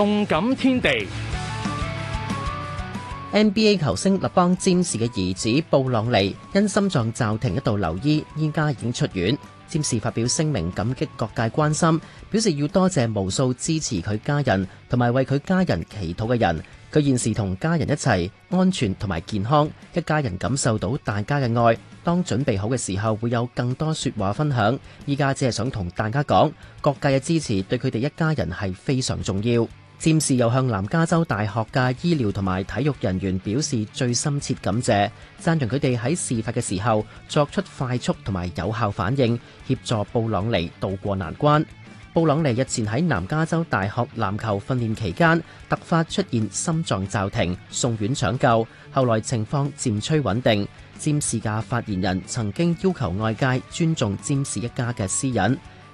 動感天地 NBA 球星勒邦占士嘅兒子布朗尼因心臟驟停一度留醫，依家已經出院。占士發表聲明，感激各界關心，表示要多謝無數支持佢家人同埋為佢家人祈禱嘅人。佢現時同家人一齊，安全同埋健康，一家人感受到大家嘅愛。當準備好嘅時候，會有更多說話分享。依家只係想同大家講，各界嘅支持對佢哋一家人係非常重要。占士又向南加州大學嘅醫療同埋體育人員表示最深切感謝，讚揚佢哋喺事發嘅時候作出快速同埋有效反應，協助布朗尼渡過難關。布朗尼日前喺南加州大學籃球訓練期間突發出現心臟驟停，送院搶救，後來情況漸趨穩定。占士嘅發言人曾經要求外界尊重占士一家嘅私隱。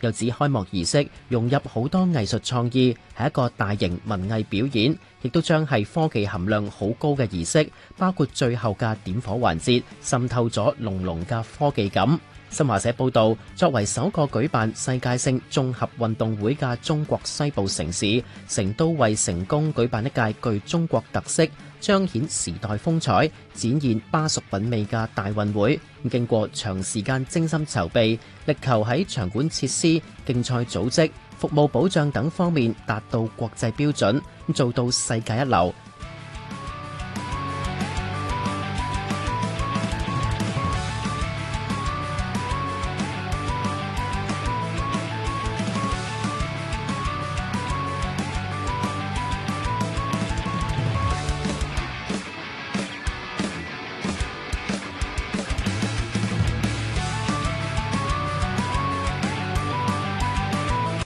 又指開幕儀式融入好多藝術創意，係一個大型文藝表演。亦都將係科技含量好高嘅儀式，包括最後嘅點火環節，滲透咗濃濃嘅科技感。新華社報道，作為首個舉辦世界性綜合運動會嘅中國西部城市，成都為成功舉辦一屆具中國特色、彰顯時代風采、展現巴蜀品味嘅大運會，經過長時間精心籌備，力求喺場館設施、競賽組織、服務保障等方面達到國際標準，做到世界一流。